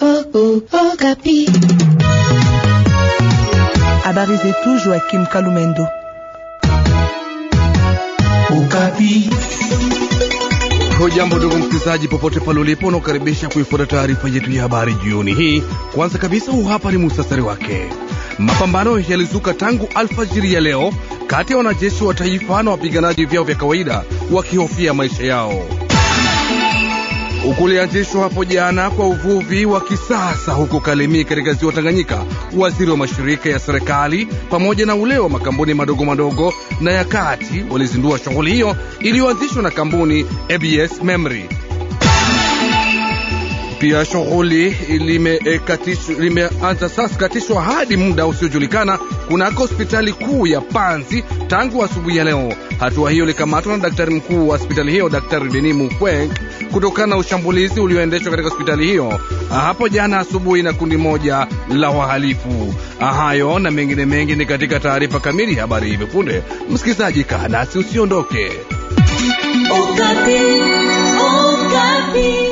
Oh, oh, oh, Habari zetu Joakim Kalumendo. Ukapi. Hujambo ndugu msikilizaji, popote pale ulipo, unaokaribisha kuifuata taarifa yetu ya habari jioni hii. Kwanza kabisa, huu hapa ni muhtasari wake. Mapambano yalizuka tangu alfajiri ya leo kati ya wanajeshi wa taifa na wapiganaji vyao vya kawaida wakihofia maisha yao ukulianzishwa hapo jana kwa uvuvi wa kisasa huko Kalemi katika ziwa Tanganyika. Waziri wa mashirika ya serikali pamoja na ule wa makampuni madogo madogo na ya kati walizindua shughuli hiyo iliyoanzishwa na kampuni ABS Memory. Pia shughuli limeanza lime sasa katishwa hadi muda usiojulikana kunako hospitali kuu ya Panzi tangu asubuhi ya leo. Hatua hiyo ilikamatwa na daktari mkuu wa hospitali hiyo Daktari Denis Mukwege kutokana na ushambulizi ulioendeshwa katika hospitali hiyo hapo jana asubuhi na kundi moja la wahalifu. Hayo na mengine mengi ni katika taarifa kamili ya habari hivi punde. Msikilizaji, kaa nasi usiondoke. Okapi, Okapi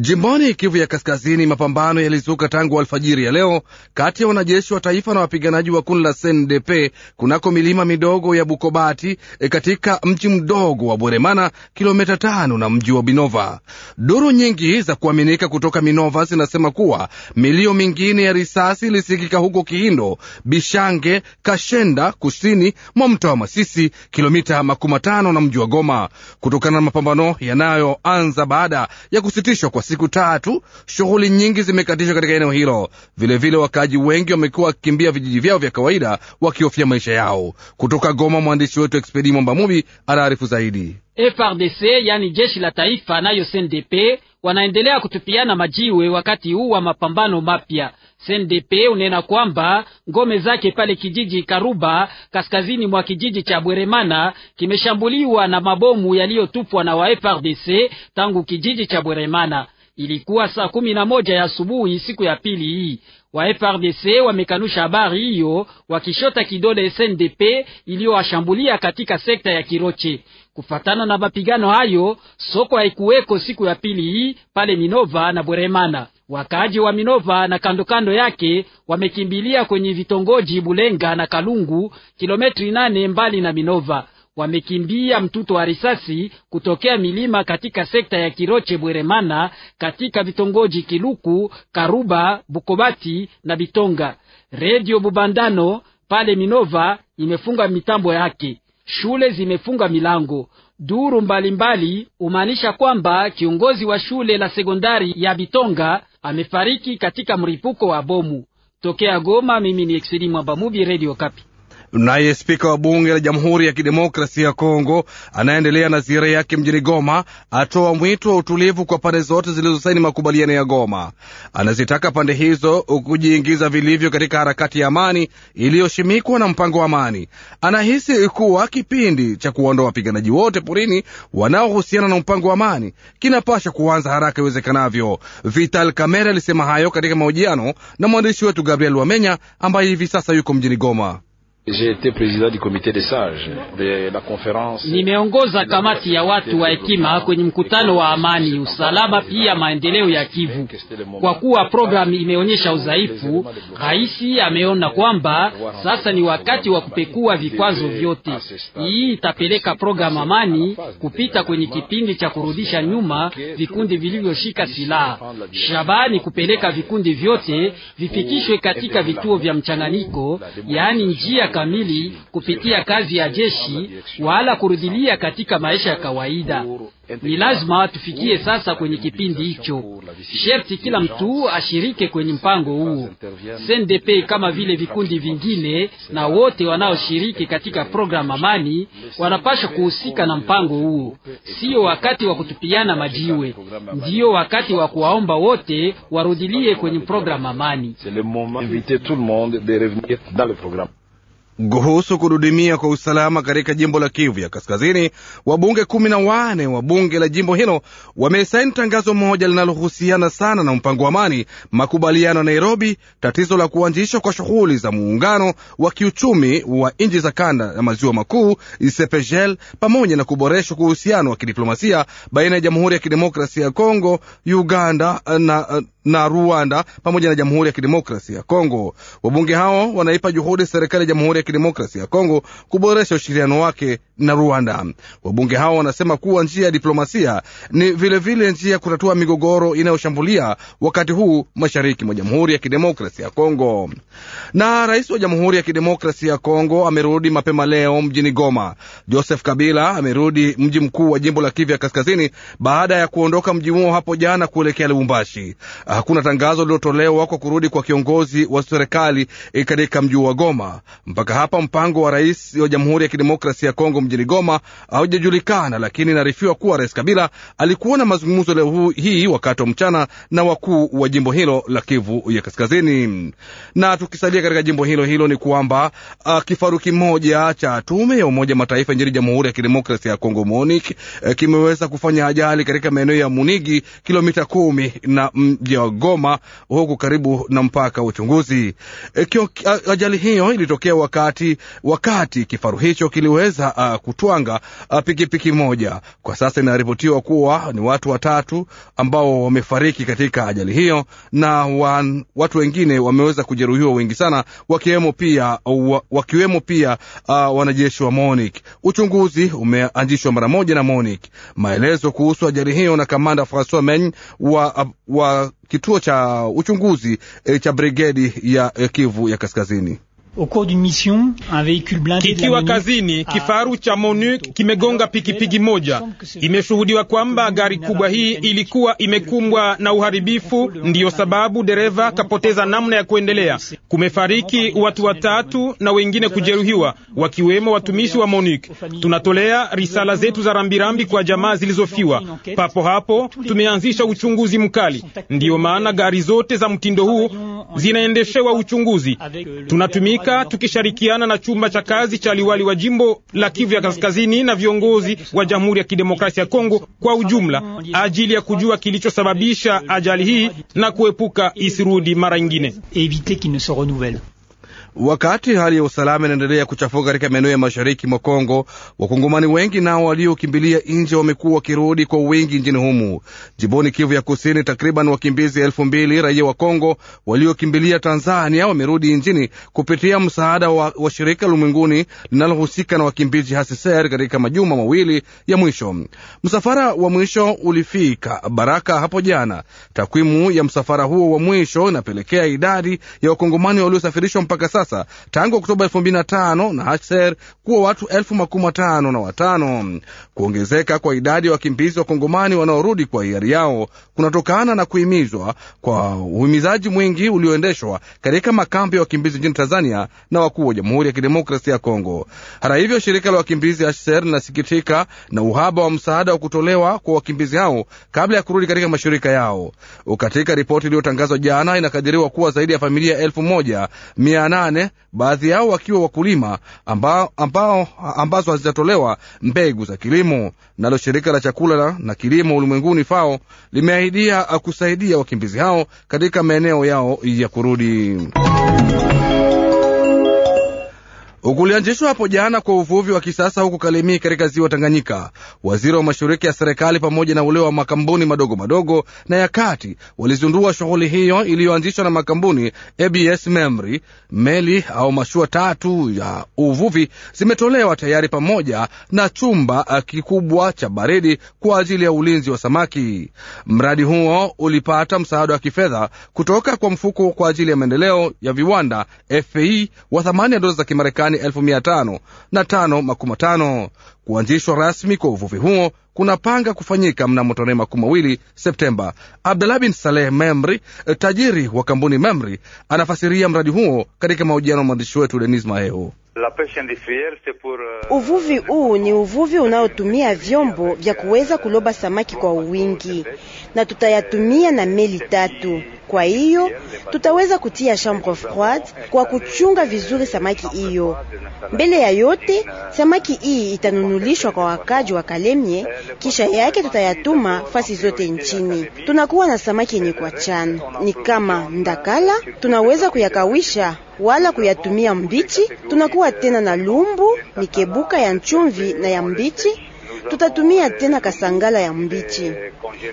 Jimboni Kivu ya Kaskazini, mapambano yalizuka tangu alfajiri ya leo kati ya wanajeshi wa taifa na wapiganaji wa kundi la SNDP kunako milima midogo ya Bukobati eh, katika mji mdogo wa Bweremana, kilomita tano na mji wa Binova. Duru nyingi za kuaminika kutoka Minova zinasema kuwa milio mingine ya risasi ilisikika huko Kiindo, Bishange, Kashenda, kusini mwa mtaa wa Masisi, kilomita makumi matano na mji wa Goma, kutokana na mapambano yanayoanza baada ya kusitishwa kwa siku tatu shughuli nyingi zimekatishwa katika eneo hilo. Vilevile wakaaji wengi wamekuwa wakikimbia vijiji vyao vya kawaida wakihofia maisha yao. Kutoka Goma, mwandishi wetu Expedi mwambamubi anaarifu zaidi. FRDC yani jeshi la taifa nayo CNDP wanaendelea kutupiana majiwe wakati huu wa mapambano mapya. SNDP unena kwamba ngome zake pale kijiji Karuba kaskazini mwa kijiji cha Bweremana kimeshambuliwa na mabomu yaliyotupwa na wa FRDC tangu kijiji cha Bweremana. Ilikuwa saa kumi na moja ya asubuhi siku ya pili hii wa FRDC wamekanusha habari hiyo, wakishota kidole SNDP iliyowashambulia katika sekta ya Kiroche. Kufatana na mapigano hayo, soko haikuweko siku ya pili hii pale Minova na Bweremana. Wakaaji wa Minova na kandokando yake wamekimbilia kwenye vitongoji Bulenga na Kalungu, kilometri nane mbali na Minova wamekimbia mtuto wa risasi kutokea milima katika sekta ya Kiroche Bweremana, katika vitongoji Kiluku, Karuba, Bukobati na Bitonga. Redio Bubandano pale Minova imefunga mitambo yake, shule zimefunga milango duru mbalimbali humaanisha kwamba kiongozi wa shule la sekondari ya Bitonga amefariki katika mripuko wa bomu tokea Goma. Mimi ni Exidi Mwamba Mubi, Radio Kapi. Naye spika wa bunge la Jamhuri ya Kidemokrasia ya Kongo anaendelea na ziara yake mjini Goma, atoa mwito wa utulivu kwa pande zote zilizosaini makubaliano ya Goma. Anazitaka pande hizo kujiingiza vilivyo katika harakati ya amani iliyoshimikwa na mpango wa amani. Anahisi kuwa kipindi cha kuondoa wapiganaji wote porini wanaohusiana na mpango wa amani kinapasha kuanza haraka iwezekanavyo. Vital Kamerhe alisema hayo katika mahojiano na mwandishi wetu Gabriel Wamenya ambaye hivi sasa yuko mjini Goma. Nimeongoza kamati ya watu wa hekima kwenye mkutano wa amani, usalama pia maendeleo ya Kivu. Kwa kuwa programu imeonyesha udhaifu, rais ameona kwamba sasa ni wakati wa kupekua vikwazo vyote. Hii itapeleka programu amani kupita kwenye kipindi cha kurudisha nyuma vikundi vilivyoshika silaha. shabani kupeleka vikundi vyote vifikishwe katika vituo vya mchanganyiko, yaani njia kamili kupitia kazi ya jeshi wala kurudilia katika maisha ya kawaida. Ni lazima tufikie sasa kwenye kipindi hicho, sherti kila mtu ashirike kwenye mpango huo, CNDP kama vile vikundi vingine, na wote wanaoshiriki katika programu amani wanapaswa kuhusika na mpango huo. Sio wakati wa kutupiana majiwe, ndiyo wakati wa kuwaomba wote warudilie kwenye programu amani kuhusu kududimia kwa usalama katika jimbo la Kivu ya Kaskazini. Wabunge kumi na wane wa bunge la jimbo hilo wamesaini tangazo moja linalohusiana sana na mpango wa amani, makubaliano ya Nairobi, tatizo la kuanzishwa kwa shughuli za muungano wa kiuchumi wa nchi za kanda ya maziwa makuu SEPEGEL, pamoja na kuboreshwa kwa uhusiano wa kidiplomasia baina ya Jamhuri ya Kidemokrasia ya Kongo, Uganda eh, na eh, na Rwanda pamoja na Jamhuri ya Kidemokrasia ya Kongo. Wabunge hao wanaipa juhudi serikali ya Jamhuri ya Kidemokrasia ya Kongo kuboresha ushirikiano wake na Rwanda. Wabunge hao wanasema kuwa njia ya diplomasia ni vilevile vile njia ya kutatua migogoro inayoshambulia wakati huu mashariki mwa Jamhuri ya Kidemokrasi ya Kongo. Na rais wa Jamhuri ya Kidemokrasi ya Kongo amerudi mapema leo mjini Goma. Joseph Kabila amerudi mji mkuu wa jimbo la Kivu ya Kaskazini baada ya kuondoka mji huo hapo jana kuelekea Lubumbashi. Hakuna tangazo lililotolewa kwa kurudi kwa kiongozi wa serikali eh, katika mji wa Goma mpaka mpaka hapa mpango wa rais wa Jamhuri ya Kidemokrasia ya Kongo mjini Goma haujajulikana, lakini inaarifiwa kuwa Rais Kabila alikuwa na mazungumzo leo hii wakati wa mchana na wakuu wa jimbo hilo la Kivu ya Kaskazini. Na tukisalia katika jimbo hilo hilo, ni kwamba uh, kifaru kimoja cha tume ya Umoja Mataifa nchini Jamhuri ya Kidemokrasia ya Kongo MONUC uh, kimeweza kufanya ajali katika maeneo ya Munigi, kilomita kumi na mji wa Goma, huku karibu na mpaka wa uchunguzi. Uh, ajali hiyo ilitokea wakati wakati wakati kifaru hicho kiliweza uh, kutwanga uh, pikipiki moja. Kwa sasa inaripotiwa kuwa ni watu watatu ambao wamefariki katika ajali hiyo, na wan, watu wengine wameweza kujeruhiwa wengi sana, wakiwemo pia, uh, wakiwemo pia uh, wanajeshi wa MONUC. Uchunguzi umeanzishwa mara moja na MONUC. Maelezo kuhusu ajali hiyo na kamanda Francois Men wa, uh, wa kituo cha uchunguzi e, cha brigedi ya e, Kivu ya Kaskazini. Kikiwa kazini, kifaru cha MONUC kimegonga pikipiki moja. Imeshuhudiwa kwamba gari kubwa hii ilikuwa imekumbwa na uharibifu, ndiyo sababu dereva kapoteza namna ya kuendelea. Kumefariki watu watatu na wengine kujeruhiwa, wakiwemo watumishi wa MONUC. Tunatolea risala zetu za rambirambi kwa jamaa zilizofiwa. Papo hapo tumeanzisha uchunguzi mkali, ndiyo maana gari zote za mtindo huu zinaendeshewa uchunguzi. Tunatumia kufanyika tukishirikiana na chumba cha kazi cha liwali wa jimbo la Kivu ya Kaskazini na viongozi wa Jamhuri ya Kidemokrasia ya Kongo kwa ujumla, ajili ya kujua kilichosababisha ajali hii na kuepuka isirudi mara nyingine. Wakati hali ya usalama inaendelea kuchafuka katika maeneo ya mashariki mwa Kongo, wakongomani wengi nao waliokimbilia nje wamekuwa wakirudi kwa wingi nchini humu. Jimboni Kivu ya Kusini, takriban wakimbizi elfu mbili raia wa Kongo waliokimbilia Tanzania wamerudi nchini kupitia msaada wa, wa shirika ulimwenguni linalohusika na wakimbizi HASISER katika majuma mawili ya mwisho. Msafara wa mwisho ulifika Baraka hapo jana. Takwimu ya msafara huo wa mwisho inapelekea idadi ya wakongomani waliosafirishwa mpaka sasa sasa tangu Oktoba 2005 na HCR kuwa watu elfu makumi matano na watano. Kuongezeka kwa idadi ya wa kongomani wanaorudi kwa hiari yao kunatokana na kuhimizwa kwa uhimizaji mwingi ulioendeshwa katika makambi ya wa wakimbizi nchini Tanzania na wakuu wa Jamhuri ya Kidemokrasia ya Kongo. Hata hivyo, shirika la wakimbizi HCR linasikitika na uhaba wa msaada wa kutolewa kwa wakimbizi hao kabla ya kurudi katika mashirika yao. Katika ripoti iliyotangazwa jana, inakadiriwa kuwa zaidi ya familia elfu moja mia nane nane, baadhi yao wakiwa wakulima ambao, ambao ambazo hazijatolewa mbegu za kilimo. Nalo shirika la chakula na kilimo ulimwenguni FAO limeahidia uh, kusaidia wakimbizi hao katika maeneo yao ya kurudi ukulianzishwa hapo jana kwa uvuvi wa kisasa huku Kalemie katika ziwa Tanganyika. Waziri wa mashiriki ya serikali pamoja na ule wa makampuni madogo madogo na ya kati walizindua shughuli hiyo iliyoanzishwa na makampuni ABS Memory. Meli au mashua tatu ya uvuvi zimetolewa tayari pamoja na chumba eh, kikubwa cha baridi kwa ajili ya ulinzi wa samaki. Mradi huo ulipata msaada wa kifedha kutoka kwa mfuko kwa ajili ya maendeleo ya viwanda FAI wa thamani ya dola za Kimarekani tani elfu na tano Kuanzishwa rasmi kwa uvuvi huo kunapanga kufanyika mnamo tarehe makumi mawili Septemba. abdalah bin Saleh Memri, eh, tajiri wa kampuni Memri, anafasiria mradi huo katika mahojiano na mwandishi wetu Denis Maheo. Euh, uvuvi huu ni uvuvi unaotumia vyombo vya kuweza kuloba samaki kwa wingi, na tutayatumia na meli tatu. Kwa hiyo tutaweza kutia chambre froide kwa kuchunga vizuri samaki hiyo. Mbele ya yote, samaki hii itanunulishwa kwa wakaji wa Kalemie, kisha yake tutayatuma fasi zote nchini. Tunakuwa na samaki yenye kuachana ni kama ndakala, tunaweza kuyakawisha wala kuyatumia mbichi. Tunakuwa tena na lumbu, ni kebuka ya nchumvi na ya mbichi tutatumia tena kasangala ya mbichi.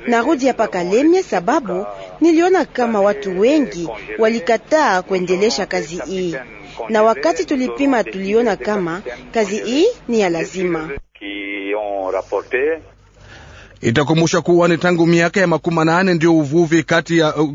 Narudi hapa Kalemie sababu niliona kama watu wengi walikataa kuendelesha kazi hii, na wakati tulipima tuliona kama kazi hii ni ya lazima. Itakumbusha kuwa ni tangu miaka ya makumi manane ndio uvuvi kati ya uh,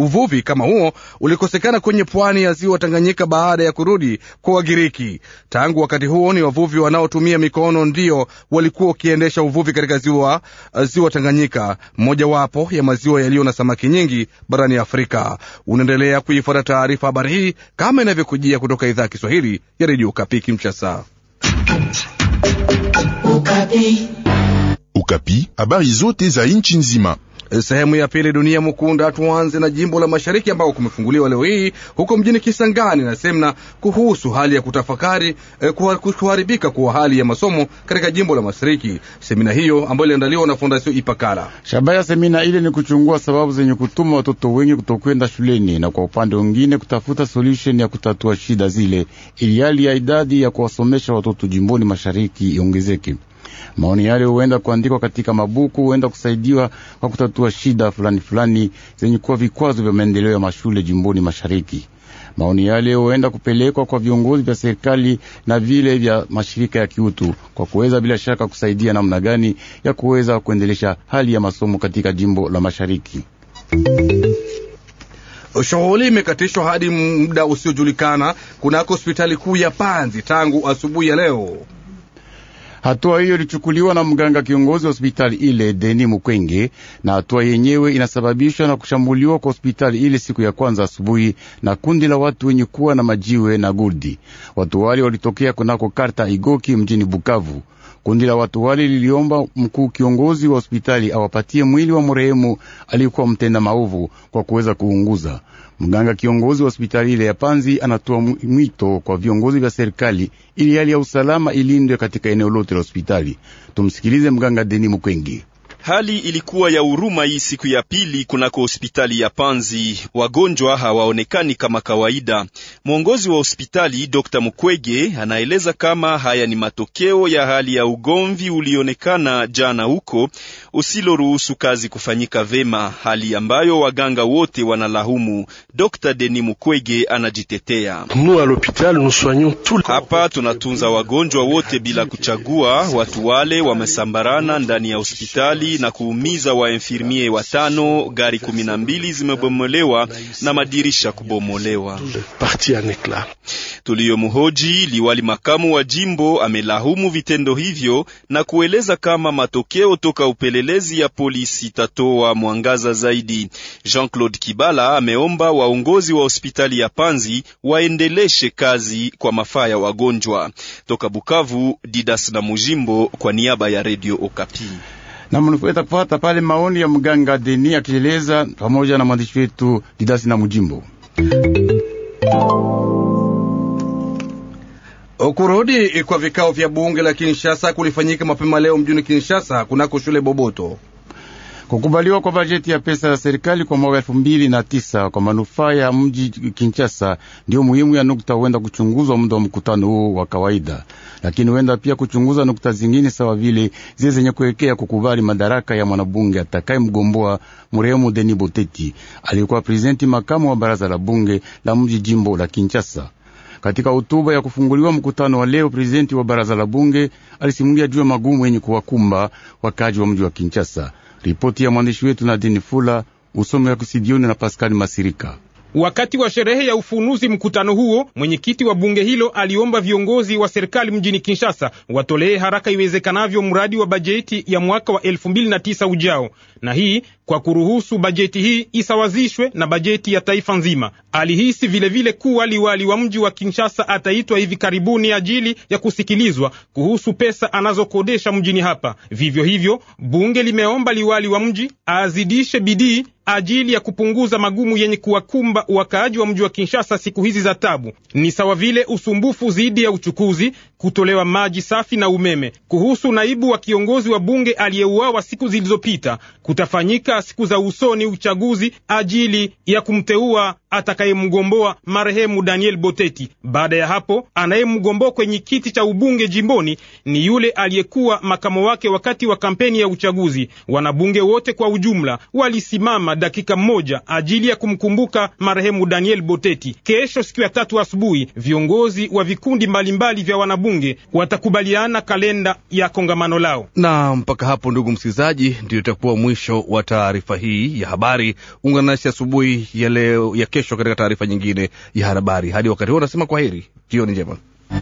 Uvuvi kama huo ulikosekana kwenye pwani ya ziwa Tanganyika baada ya kurudi kwa Wagiriki. Tangu wakati huo, ni wavuvi wanaotumia mikono ndio walikuwa wakiendesha uvuvi katika ziwa, eh, ziwa Tanganyika, mojawapo ya maziwa yaliyo na samaki nyingi barani Afrika. Unaendelea kuifuata taarifa habari hii kama inavyokujia kutoka idhaa ya Kiswahili ya redio Kapi Kinshasa. Ukapi, habari zote za nchi nzima Sehemu ya pili dunia Mukunda. Tuanze na jimbo la mashariki ambao kumefunguliwa leo hii huko mjini Kisangani na semna kuhusu hali ya kutafakari eh, kuharibika kwa hali ya masomo katika jimbo la mashariki. Semina hiyo ambayo iliandaliwa na fondasio Ipakala. Shabaha ya semina ile ni kuchungua sababu zenye kutuma watoto wengi kutokwenda shuleni na kwa upande mwingine kutafuta solution ya kutatua shida zile ili hali ya idadi ya kuwasomesha watoto jimboni mashariki iongezeke. Maoni yale huenda kuandikwa katika mabuku, huenda kusaidiwa kwa kutatua shida fulani fulani zenye kuwa vikwazo vya maendeleo ya mashule jimboni mashariki. Maoni yale huenda kupelekwa kwa viongozi vya serikali na vile vya mashirika ya kiutu kwa kuweza bila shaka kusaidia namna gani ya kuweza kuendelesha hali ya masomo katika jimbo la mashariki. Shughuli imekatishwa hadi muda usiojulikana kunako hospitali kuu ya Panzi tangu asubuhi ya leo. Hatua hiyo ilichukuliwa na mganga kiongozi wa hospitali ile Deni Mukwenge, na hatua yenyewe inasababishwa na kushambuliwa kwa hospitali ile siku ya kwanza asubuhi na kundi la watu wenye kuwa na majiwe na gurdi. Watu wale walitokea kunako karta Igoki mjini Bukavu. Kundi la watu wale liliomba mkuu kiongozi wa hospitali awapatie mwili wa marehemu aliyekuwa mtenda maovu kwa kuweza kuunguza. Mganga kiongozi wa hospitali ile ya Panzi anatoa mwito kwa viongozi vya serikali ili hali ya usalama ilindwe katika eneo lote la hospitali. Tumsikilize mganga Deni Mukwengi. Hali ilikuwa ya huruma hii siku ya pili kunako hospitali ya Panzi. Wagonjwa hawaonekani kama kawaida. Mwongozi wa hospitali Dr. Mukwege anaeleza kama haya ni matokeo ya hali ya ugomvi ulionekana jana huko usiloruhusu kazi kufanyika vema, hali ambayo waganga wote wanalahumu. Dr. Denis Mukwege anajitetea. Hapa tunatunza wagonjwa wote bila kuchagua. Watu wale wamesambarana ndani ya hospitali na kuumiza wainfirmie watano, gari kumi na mbili zimebomolewa na madirisha kubomolewa. Tuliyomhoji liwali makamu wa jimbo amelahumu vitendo hivyo na kueleza kama matokeo toka upelelezi ya polisi itatoa mwangaza zaidi. Jean-Claude Kibala ameomba waongozi wa hospitali ya Panzi waendeleshe kazi kwa mafaa ya wagonjwa. Toka Bukavu, Didas na Mujimbo kwa niaba ya Radio Okapi na mnaweza kufata pale maoni ya mganga Deni akieleza pamoja na mwandishi wetu Didasi na Mujimbo. Kurudi kwa vikao vya bunge la Kinshasa kulifanyika mapema leo mjini Kinshasa kunako shule Boboto. Kukubaliwa kwa bajeti ya pesa ya serikali kwa mwaka elfu mbili na tisa kwa manufaa ya mji Kinshasa ndiyo muhimu ya nukta huenda kuchunguzwa muda wa mkutano huo wa kawaida, lakini huenda pia kuchunguza nukta zingine sawa vile zile zenye kuelekea kukubali madaraka ya mwanabunge atakaye mgomboa mrehemu Deni Boteti aliyekuwa prezidenti makamu wa baraza la bunge la mji jimbo la Kinshasa. Katika hotuba ya kufunguliwa mkutano wa leo, prezidenti wa baraza la bunge alisimulia juu ya magumu yenye kuwakumba wakaji wa mji wa Kinshasa. Ripoti ya mwandishi wetu Nadine Fula, usomi wa Kisidioni na Paskali Masirika. Wakati wa sherehe ya ufunuzi mkutano huo, mwenyekiti wa bunge hilo aliomba viongozi wa serikali mjini Kinshasa watolee haraka iwezekanavyo mradi wa bajeti ya mwaka wa 2009 ujao, na hii kwa kuruhusu bajeti hii isawazishwe na bajeti ya taifa nzima. Alihisi vilevile kuwa liwali wa mji wa Kinshasa ataitwa hivi karibuni ajili ya kusikilizwa kuhusu pesa anazokodesha mjini hapa. Vivyo hivyo, bunge limeomba liwali wa mji azidishe bidii ajili ya kupunguza magumu yenye kuwakumba wakaaji wa mji wa Kinshasa siku hizi za tabu, ni sawa vile usumbufu dhidi ya uchukuzi, kutolewa maji safi na umeme. Kuhusu naibu wa kiongozi wa bunge aliyeuawa siku zilizopita, kutafanyika siku za usoni uchaguzi ajili ya kumteua atakayemgomboa marehemu Daniel Boteti. Baada ya hapo, anayemgomboa kwenye kiti cha ubunge jimboni ni yule aliyekuwa makamo wake wakati wa kampeni ya uchaguzi. Wanabunge wote kwa ujumla walisimama dakika moja ajili ya kumkumbuka marehemu Daniel Boteti. Kesho siku ya tatu asubuhi, viongozi wa vikundi mbalimbali mbali vya wanabunge bunge watakubaliana kalenda ya kongamano lao. Na mpaka hapo, ndugu msikilizaji, ndio itakuwa mwisho wa taarifa hii ya habari. Ungana nasi asubuhi ya leo ya kesho katika taarifa nyingine ya habari. Hadi wakati huo, nasema kwa heri, jioni njema.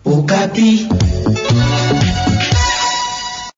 Ukapi.